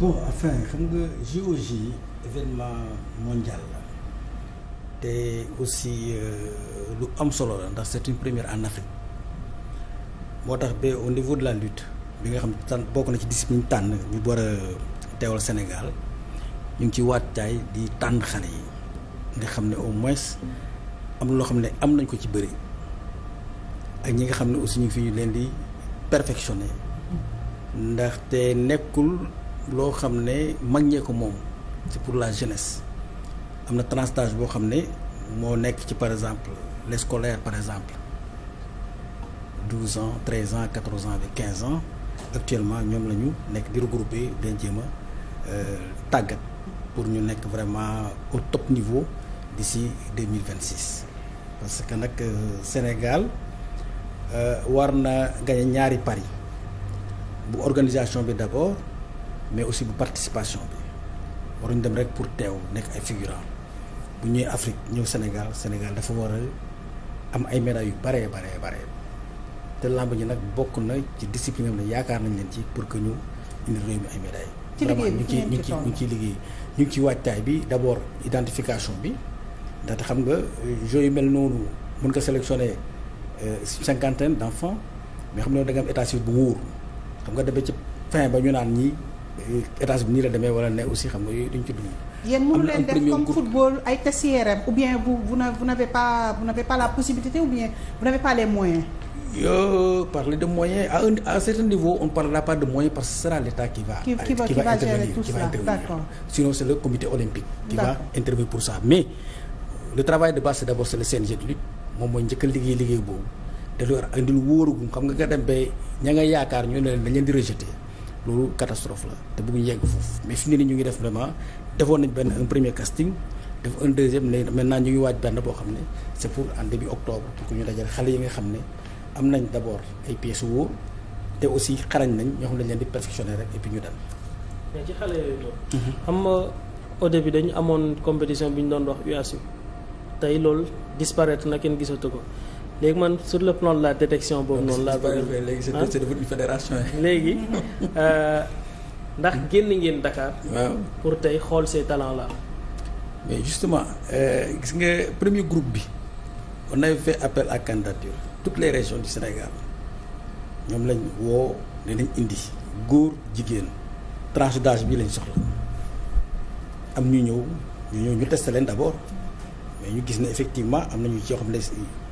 bon enfin xam nga JOJ événement mondial la te aussi euh, lu am solo la ndax c'est une première en Afrique moo tax ba au niveau de la lutte bi nga xam tànn bokk na ci discipline tànn ñu war a teewal Sénégal ñu ngi ci waajtaay di tànn xale yi nga xam ne au moins am loo xam ne am nañ ko ci bëri ak ñi nga xam ne aussi ñu fi ñu leen di perfectionner mm. ndaxte nekkul. loo xam ne mag ñee ko moom c'est pour la jeunesse am na tranche boo xam ne moo nekk ci par exemple les scolaires par exemple douze ans treize ans quatorze ans avec quinze ans actuellement ñoom la ñu nekk di regroupé dañ jéem a euh, tàggat pour ñu nekk vraiment au top niveau d'ici deux mille vingt six parce que nag euh, Sénégal euh, war na gagné ñaari pari bu organisation bi d'abord mais aussi bu participation bi waruñ dem rek pour teew nekk ay figurant bu ñëwee Afrique ñëw Sénégal Sénégal dafa war a am ay médailles yu baree baree bare te làmb ñi nag bokk na ci discipline am yaakaar nañ leen ci pour que ñu indi réew mi ay médailles. ci liggéey bi ñu ngi ciy ñu ngi ciy liggéey ñu ngi ci waajtaay bi d' abord identification bi ndaxte xam nga jeux yu mel noonu mën nga sélectionner euh, cinquantaine d' enfants mais xam ne da nga am état civil bu wóor xam nga demee ci fin ba ñu naan ñi étage bi nii la demee wala ne aussi xam nga yooyu dañ ci dund. yéen mënu leen def comme football ay test IRM ou bien vous vous n'avez pas vous n'avez pas la possibilité ou bien vous n'avez pas les moyens. yoo parler de moyens à un à un certain niveau on ne parlera pas de moyens parce que ce sera l'État qui va. qui, qui va qui va, va gérer tout ça d'accord sinon c'est le comité olympique. qui va intervenir pour ça mais le travail de base c'est d'abord c'est le CNG de lutte moom mooy njëkk a liggéey liggéey boobu te loolu indi lu wóorugum xam nga nga dem ba ña nga yaakaar ñu ne dañ leen di rejeter. loolu catastrophe la te bëgg yegg foofu mais fi ñu ngi def vraiment defoon nañ benn un premier casting def un deuxième léegi maintenant ñu ngi waaj benn boo xam ne c' est pour en début octobre pour ñu dajale xale yi nga xam ne am nañ d' abord ay pièces wóor te aussi xarañ nañ ñoo xam ne leen di perfectionner rek et puis ñu dem. mais ci xale yooyu noonu. Mhm. xam nga amoon compétition bi ñu doon wax UASU tey loolu disparaître na kenn gisatu ko. léegi man sur le plan la détection boobu noonu laa bëgg léegi c'est devenu ah fédération léegi euh, ndax hmm. génn ngeen Dakar waaw pour tey xool ces talents là mais justement euh, gis euh, nga premier groupe bi on avait fait appel à candidature toutes les régions du Sénégal ñoom lañ woo ne nañ indi góor jigéen tranche bi lañ soxla am ñu ñëw ñu ñëw ñu testé leen d'abord mais ñu gis ne effectivement am na ñu ci yoo xam ne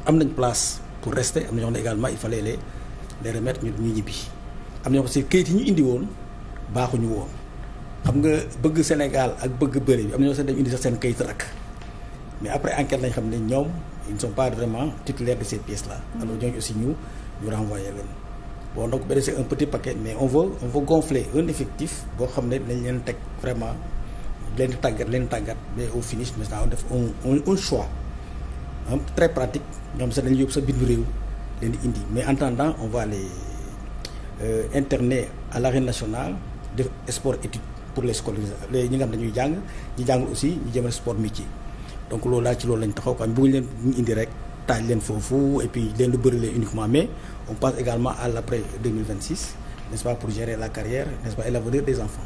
am nañ place pour rester am na ñoo xam ne également il fallait les les remettre ñu ñu ñibbi am na ñoo xam ne kayit yi ñu indi woon baaxuñu woon xam nga bëgg Sénégal ak bëgg bëri bi am na ñoo xam ne seen kayit rakk mais après enquête lañ xam ne ñoom ils ne sont pas vraiment titulaires de ces pièces là alors ñooñu aussi ñu ñu renvoyé leen bon donc benn c'est un petit paquet mais on veut on veut gonfler un effectif boo xam ne dañ leen teg vraiment leen tàggat leen tàggat mais au finish maintenant on def un un choix am très pratique nga xam sax dañuy yóbbu sa bitim réew leen di indi mais en attendant on va les euh, interner à l'arène nationale def sport étude pour les scolaires les ñi nga xam dañuy jàng ñi jàngul aussi ñu jëmal sport métier donc loolu laa ci loolu lañ taxaw quoi bëgguñ leen ñu indi rek taaj leen foofu et puis leen lu bëri leen uniquement mais on passe également à l'après 2026 n'est-ce pas pour gérer la carrière n'est-ce pas et des enfants